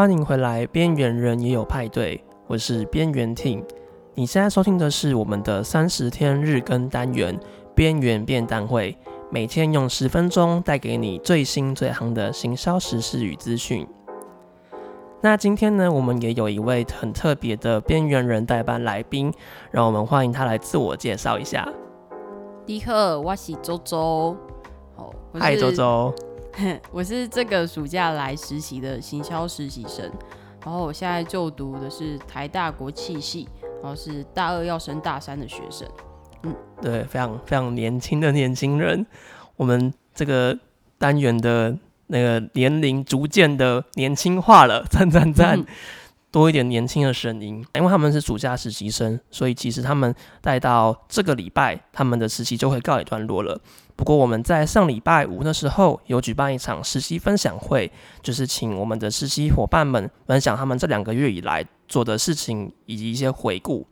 歡迎回來，邊緣人也有派對。我是邊緣 Tim，你現在收聽的是我們的三十天日更單元——邊緣便當會，每天用十分鐘帶給你最新最夯的行銷時事與資訊。那今天呢，我們也有一位很特別的邊緣人代班來賓，讓我們歡迎他來自我介紹一下。你好，我是周周。好，嗨，周周。 我是這個暑假來實習的行銷實習生，然後我現在就讀的是台大國企系，然後是大二要升大三的學生。嗯，對，非常非常年輕的年輕人，我們這個單元的那個年齡逐漸的年輕化了，讚讚讚。嗯多一點年輕的聲音，因為他們是暑假實習生，所以其實他們待到這個禮拜，他們的實習就會告一段落了。不過我們在上禮拜五的時候有舉辦一場實習分享會，就是請我們的實習夥伴們分享他們這兩個月以來做的事情以及一些回顧。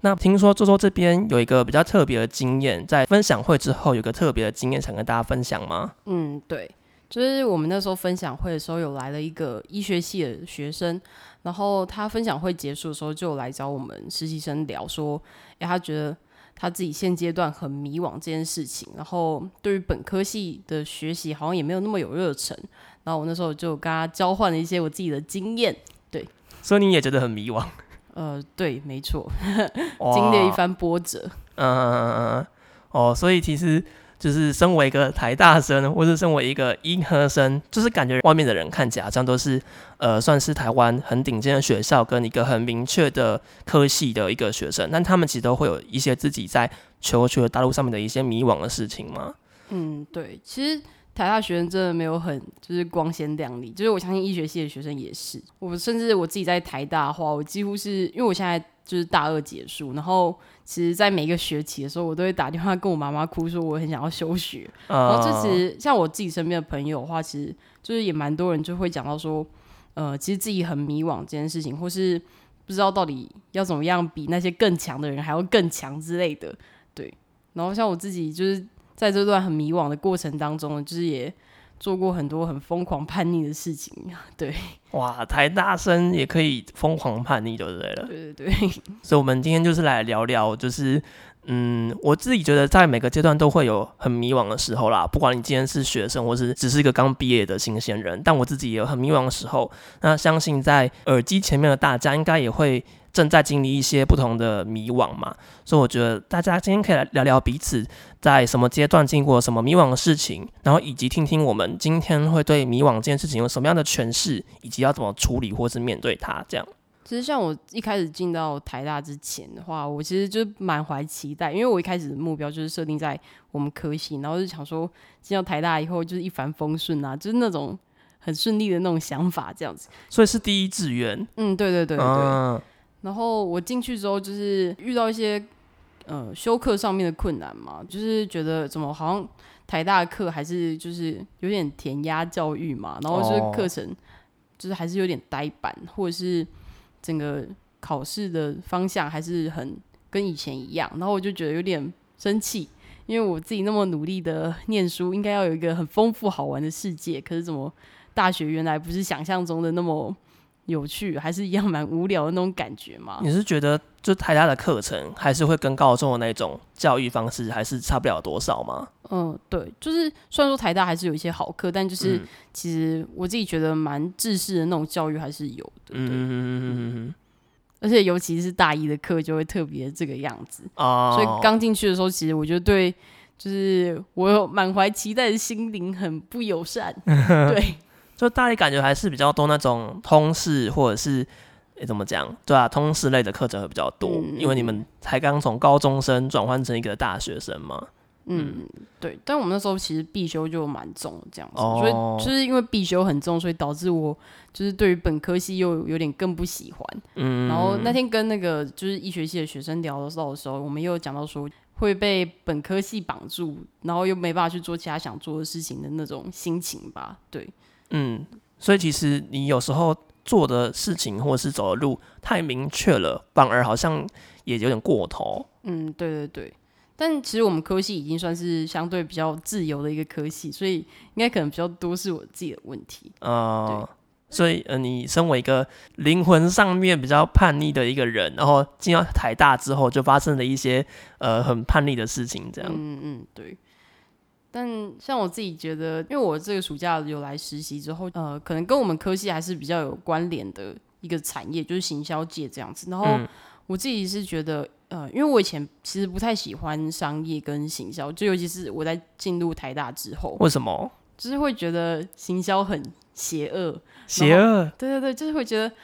那聽說周周這邊有一個比較特別的經驗，在分享會之後有一個特別的經驗想跟大家分享嗎？嗯，對，就是我們那時候分享會的時候有來了一個醫學系的學生。然後他分享會結束的時候，就來找我們實習生聊說，哎，他覺得他自己現階段很迷惘這件事情，然後對於本科系的學習好像也沒有那麼有熱忱。然後我那時候就跟他交換了一些我自己的經驗，對，所以你也覺得很迷惘？呃，對，沒錯，呵呵經歷了一番波折，嗯嗯嗯嗯嗯，哦，所以其實。就是身為一個台大生，或是身為一個音科生，就是感覺外面的人看起來好像都是，呃，算是台灣很頂尖的學校跟一個很明確的科系的一個學生，但他們其實都會有一些自己在求學大陸上面的一些迷惘的事情嘛。嗯，對，其實。台大學生真的沒有很就是光鮮亮麗，就是我相信醫學系的學生也是。我甚至我自己在台大的話，我幾乎是因為我現在就是大二結束，然後其實在每個學期的時候，我都會打電話跟我媽媽哭說我很想要休學。Uh... 然後其實像我自己身邊的朋友的話，其實就是也蠻多人就會講到說，呃，其實自己很迷惘這件事情，或是不知道到底要怎麼樣比那些更強的人還要更強之類的。對，然後像我自己就是。在這段很迷惘的過程當中，就是也做過很多很瘋狂叛逆的事情，對。哇，台大生也可以瘋狂叛逆，就對了。對對對。所以，我們今天就是來聊聊，就是嗯，我自己覺得在每個階段都會有很迷惘的時候啦。不管你今天是學生，或是只是一個剛畢業的新鮮人，但我自己也有很迷惘的時候。那相信在耳機前面的大家，應該也會。正在經歷一些不同的迷惘嘛，所以我覺得大家今天可以來聊聊彼此在什麼階段經過什麼迷惘的事情，然後以及聽聽我們今天會對迷惘這件事情有什麼樣的詮釋，以及要怎麼處理或是面對它。這樣。其實像我一開始進到台大之前的話，我其實就滿懷期待，因為我一開始的目標就是設定在我們科系，然後就想說進到台大以後就是一帆風順啊，就是那種很順利的那種想法，這樣子。所以是第一志願。嗯，對對對對，對。啊然後我進去之後，就是遇到一些，呃，修課上面的困難嘛，就是覺得怎麼好像台大的課還是就是有點填鴨教育嘛，然後就是課程就是還是有點呆板，哦，或者是整個考試的方向還是很跟以前一樣，然後我就覺得有點生氣，因為我自己那麼努力的念書，應該要有一個很豐富好玩的世界，可是怎麼大學原來不是想象中的那麼。有趣，還是一樣蠻無聊的那種感覺嗎？你是覺得就台大的課程還是會跟高中的那種教育方式還是差不了多少嗎？嗯，對，就是雖然說台大還是有一些好課，但就是其實我自己覺得蠻制式的那種教育還是有的。嗯哼哼哼哼，而且尤其是大一的課就會特別這個樣子啊、哦，所以剛進去的時候，其實我覺得對，就是我滿懷期待的心靈很不友善， 對。就大家感覺還是比較多那種通識，或者是誒、欸、怎麼講對吧、啊？通識類的課程會比較多，嗯、因為你們才剛從高中生轉換成一個大學生嘛嗯。嗯，對。但我們那時候其實必修就蠻重這樣子，哦、所以就是因為必修很重，所以導致我就是對於本科系又有點更不喜歡。嗯。然後那天跟那個就是醫學系的學生聊的時候，我們又講到說會被本科系綁住，然後又沒辦法去做其他想做的事情的那種心情吧？對。嗯，所以其實你有時候做的事情，或者是走的路太明確了，反而好像也有點過頭。嗯，對對對。但其實我們科系已經算是相對比較自由的一個科系，所以應該可能比較多是我自己的問題。哦、呃，所以，呃，你身為一個靈魂上面比較叛逆的一個人，然後進到台大之後，就發生了一些呃很叛逆的事情，這樣。嗯嗯，對。但像我自己覺得，因為我這個暑假有來實習之後，呃，可能跟我們科系還是比較有關聯的一個產業，就是行銷界這樣子。然後我自己是覺得、嗯，呃，因為我以前其實不太喜歡商業跟行銷，就尤其是我在進入台大之後，為什麼？就是會覺得行銷很邪惡，邪惡，對對對，就是會覺得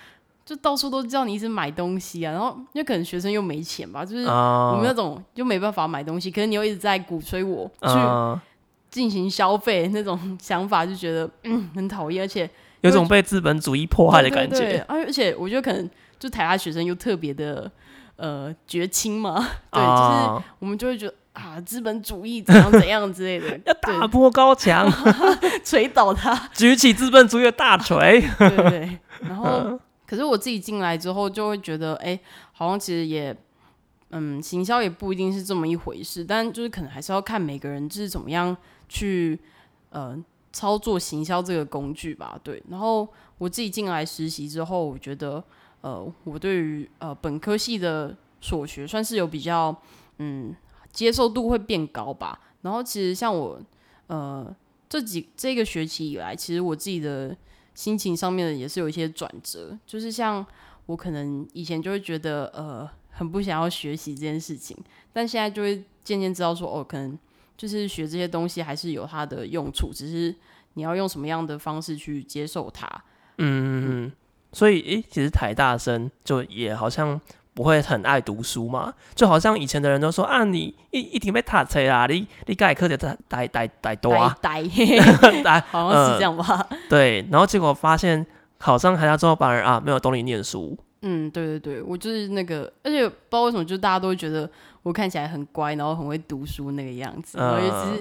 就到處都叫你一直買東西啊，然後因為可能學生又沒錢吧，就是我們那種就沒辦法買東西，可是你又一直在鼓吹我去。進行消費那種想法，就覺得、嗯、很討厭，而且有種被資本主義迫害的感覺。對，對，對，而、啊、而且我覺得可能就台大學生又特別的呃絕情嘛，啊、對，就是我們就會覺得啊，資本主義怎樣怎樣之類的，啊、對要打破高牆，錘 倒他， 舉起資本主義的大錘。啊、 對，對對。然後，嗯、可是我自己進來之後，就會覺得，哎、欸，好像其實也嗯，行銷也不一定是這麼一回事，但就是可能還是要看每個人是怎麼樣去，呃，操作行銷這個工具吧。對，然後我自己進來實習之後，我覺得，呃，我對於呃本科系的所學，算是有比較，嗯，接受度會變高吧。然後，其實像我，呃，這幾這個學期以來，其實我自己的心情上面也是有一些轉折。就是像我可能以前就會覺得，呃，很不想要學習這件事情，但現在就會漸漸知道說，哦，可能。就是學這些東西還是有它的用處，只是你要用什麼樣的方式去接受它。嗯，所以誒、欸，其實台大生就也好像不會很愛讀書嘛，就好像以前的人都說啊，你一一定被塔吹啊，你你改科的代代代代多啊， 呃、 好像是這樣吧？對，然後結果發現考上台大之後反而啊沒有動力念書。嗯，對對對，我就是那個，而且不知道為什麼，就大家都會覺得。我看起來很乖，然後很會讀書那個樣子。嗯、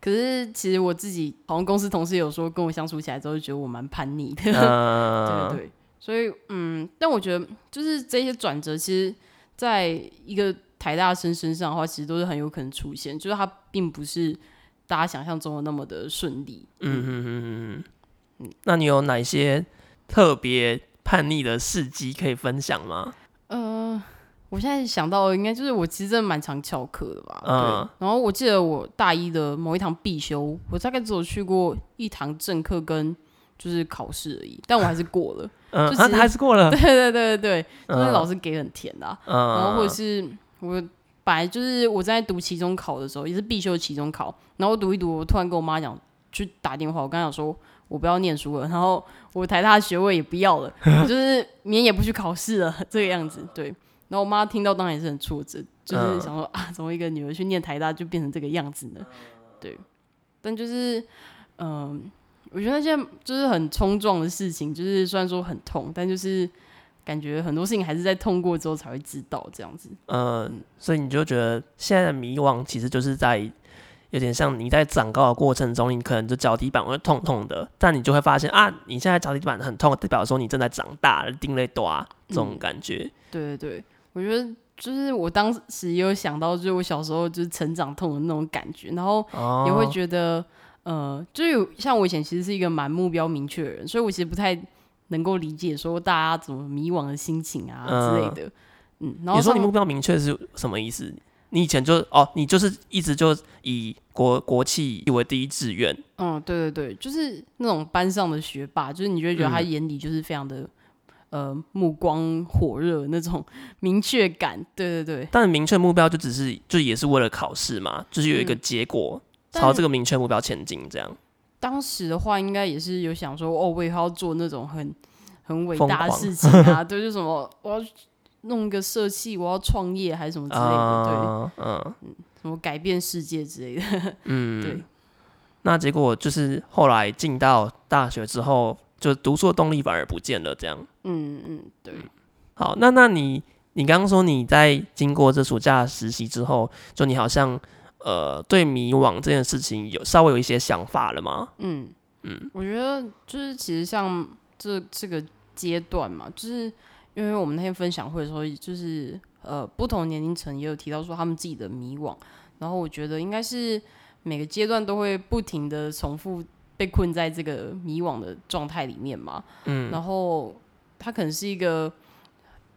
可是其實我自己好像公司同事有說，跟我相處起來之後，就覺得我蠻叛逆的。嗯、 對，對，所以，嗯，但我覺得就是這些轉折，其實在一個台大生身上的話，其實都是很有可能出現，就是他並不是大家想象中的那麼的順利。嗯嗯嗯嗯嗯。嗯哼哼哼，那你有哪些特別叛逆的事蹟可以分享嗎？我現在想到的應該就是我其實真的蠻常翹課的吧。對。然後我記得我大一的某一堂必修，我大概只有去過一堂正課跟就是考試而已，但我還是過了。嗯，還是過了。對對對對對，因為老師給很甜的。嗯。然後或者是我本來就是我在讀期中考的時候，也是必修期中考，然後我讀一讀，我突然跟我媽講去打電話，我剛想說我不要念書了，然後我台大學位也不要了，就是明天也不去考試了，這個樣子對。然後我媽聽到當然也是很挫折，就是想說、呃、啊，怎麼一個女兒去念台大就變成這個樣子呢？對，但就是嗯、呃，我覺得那些就是很衝撞的事情，就是雖然說很痛，但就是感覺很多事情還是在痛過之後才會知道這樣子。呃、嗯，所以你就覺得現在的迷惘，其實就是在有點像你在長高的過程中，你可能就腳底板會痛痛的，但你就會發現啊，你現在腳底板很痛，代表說你正在長大，定力多啊這種感覺。對對，對。我覺得就是我當時也有想到，就是我小時候就是成長痛的那種感覺，然後也會覺得，哦、呃，就有像我以前其實是一個蠻目標明確的人，所以我其實不太能夠理解說大家怎麼迷惘的心情啊之類的。嗯，嗯，然後你說你目標明確是什麼意思？你以前就哦，你就是一直就以國國企為第一志願。嗯，對對對，就是那種班上的學霸，就是你就會覺得他眼裡就是非常的。嗯呃，目光火熱那種明確感，對對對。但明確目標就只是就也是為了考試嘛，就是有一個結果，嗯、朝這個明確目標前進這樣。當時的話，應該也是有想說，哦，我以後要做那種很很偉大的事情啊，對，就什麼， 我要弄一個社企，我要創業還是什麼之類的，uh, 對，uh. 嗯，什麼改變世界之類的，嗯， 對。那結果就是後來進到大學之後，就讀書的動力反而不見了，這樣。嗯嗯對，好，那那你你剛剛說你在經過這暑假實習之後，就你好像呃對迷惘這件事情有稍微有一些想法了嗎？嗯嗯，我覺得就是其實像這這個階段嘛，就是因為我們那天分享會的時候，就是呃不同年齡層也有提到說他們自己的迷惘，然後我覺得應該是每個階段都會不停的重複被困在這個迷惘的狀態裡面嘛，嗯，然後。他可能是一個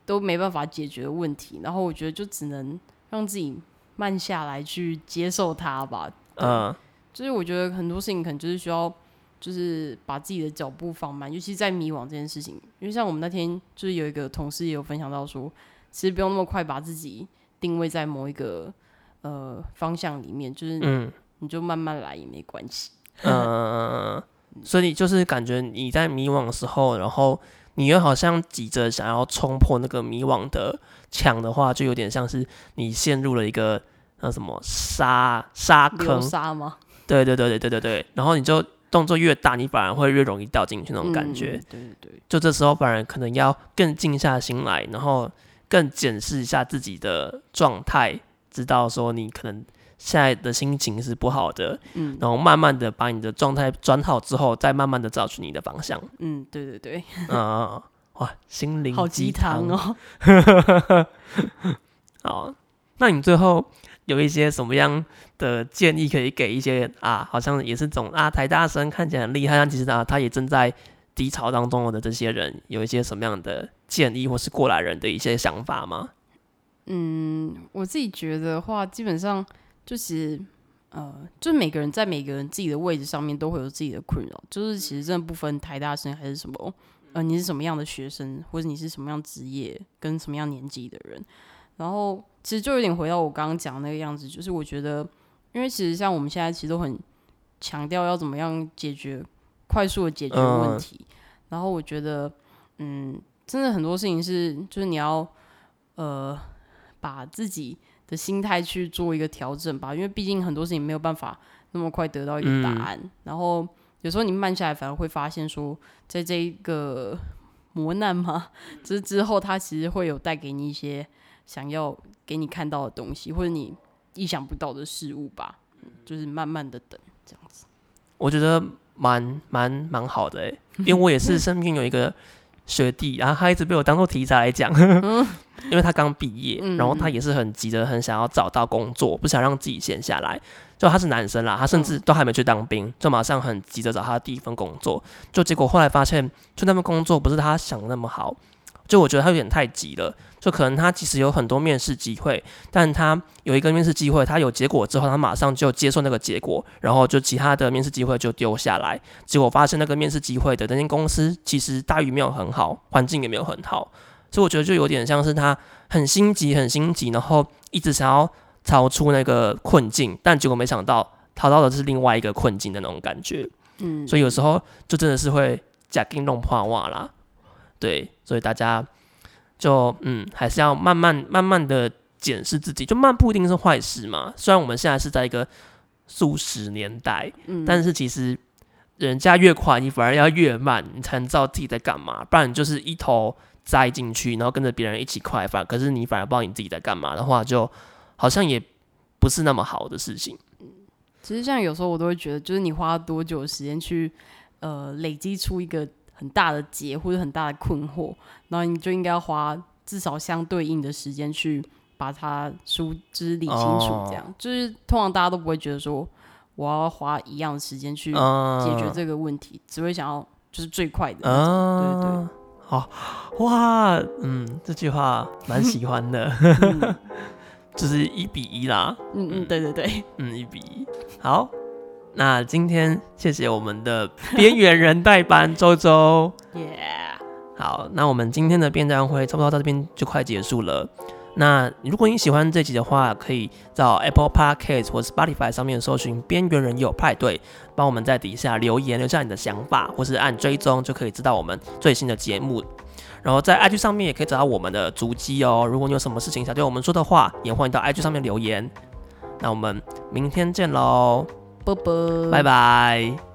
都沒辦法解決的問題，然後我覺得就只能讓自己慢下來去接受它吧。嗯、呃，就是我覺得很多事情可能就是需要，就是把自己的腳步放慢，尤其在迷惘這件事情。因為像我們那天就是有一個同事也有分享到說，其實不用那麼快把自己定位在某一個呃方向裡面，就是嗯，你就慢慢來也沒關係。嗯、呃， 所以就是感覺你在迷惘的時候，然後。你又好像急着想要衝破那個迷惘的牆的話，就有點像是你陷入了一個那什麼沙沙坑。流沙嗎？對對對對對對對。然後你就動作越大，你反而會越容易掉進去那種感覺。嗯、對對對。就這時候，反而可能要更靜下心來，然後更檢視一下自己的狀態，知道說你可能。現在的心情是不好的，嗯，然後慢慢的把你的狀態轉好之後，再慢慢的找出你的方向。嗯，對對對，啊，哇，心靈好雞湯好哦。 好，那你最後有一些什麼樣的建議可以給一些啊？好像也是種啊，台大生看起來很厲害，但其實啊，他也正在低潮當中的這些人，有一些什麼樣的建議或是過來人的一些想法嗎？嗯，我自己覺得的話，基本上。就是，呃，就每個人在每個人自己的位置上面，都會有自己的困擾。就是其實真的不分台大生還是什麼，呃，你是什麼樣的學生，或者你是什麼樣職業跟什麼樣年紀的人。然後其實就有點回到我剛剛講那個樣子，就是我覺得，因為其實像我們現在其實都很強調要怎麼樣解決快速的解決問題。Uh. 然後我覺得，嗯，真的很多事情是，就是你要呃把自己。的心態去做一個調整吧，因為畢竟很多事情沒有辦法那麼快得到一個答案。嗯、然後有時候你慢下來，反而會發現說，在這一個磨難嘛，就是之後它其實會有帶給你一些想要給你看到的東西，或者你意想不到的事物吧。就是慢慢的等這樣子，我覺得蠻蠻蠻好的、欸、因為我也是身邊有一個。 學弟，然後、啊、他一直被我當做題材來講、嗯，因為他剛畢業，然後他也是很急着，很想要找到工作，不想讓自己閒下來。就他是男生啦，他甚至都還沒去當兵，嗯、就馬上很急着找他的第一份工作。就結果後來發現，就那份工作不是他想的那麼好。就我覺得他有點太急了，就可能他其實有很多面試機會，但他有一個面試機會，他有結果之後，他馬上就接受那個結果，然後就其他的面試機會就丟下來，結果發現那個面試機會的那間公司其實待遇沒有很好，環境也沒有很好，所以我覺得就有點像是他很心急，很心急，然後一直想要逃出那個困境，但結果沒想到逃到的是另外一個困境的那種感覺。嗯，所以有時候就真的是會呷緊弄破碗啦。對，所以大家就嗯，還是要慢慢慢慢的檢視自己，就慢不一定是壞事嘛。雖然我們現在是在一個數十年代，嗯，但是其實人家越快，你反而要越慢，你才能知道自己在幹嘛。不然你就是一頭栽進去，然後跟着別人一起快，反可是你反而不知道你自己在幹嘛的話，就好像也不是那麼好的事情。嗯，其實像有時候我都會覺得，就是你花多久時間去呃累積出一個。很大的結或者很大的困惑，那你就應該要花至少相對應的時間去把它梳理、就是、理清楚，這樣、哦、就是通常大家都不會覺得說，我要花一樣的時間去解決這個問題，呃、只會想要就是最快的、啊。對對，好、哦、哇，嗯，這句話蠻喜歡的， 嗯、 就是一比一啦。嗯嗯，對對對，嗯，一比一，好。那今天謝謝我們的邊緣人代班 週週，耶、yeah！好，那我們今天的便當會差不多到這邊就快結束了。那如果你喜歡這集的話，可以到 Apple Podcast 或是 Spotify 上面搜尋《邊緣人有派對》，幫我們在底下留言留下你的想法，或是按追蹤就可以知道我們最新的節目。然後在 IG 上面也可以找到我們的足跡哦。如果你有什麼事情想對我們說的話，也歡迎到 IG 上面留言。那我們明天見嘍！拜拜。拜拜。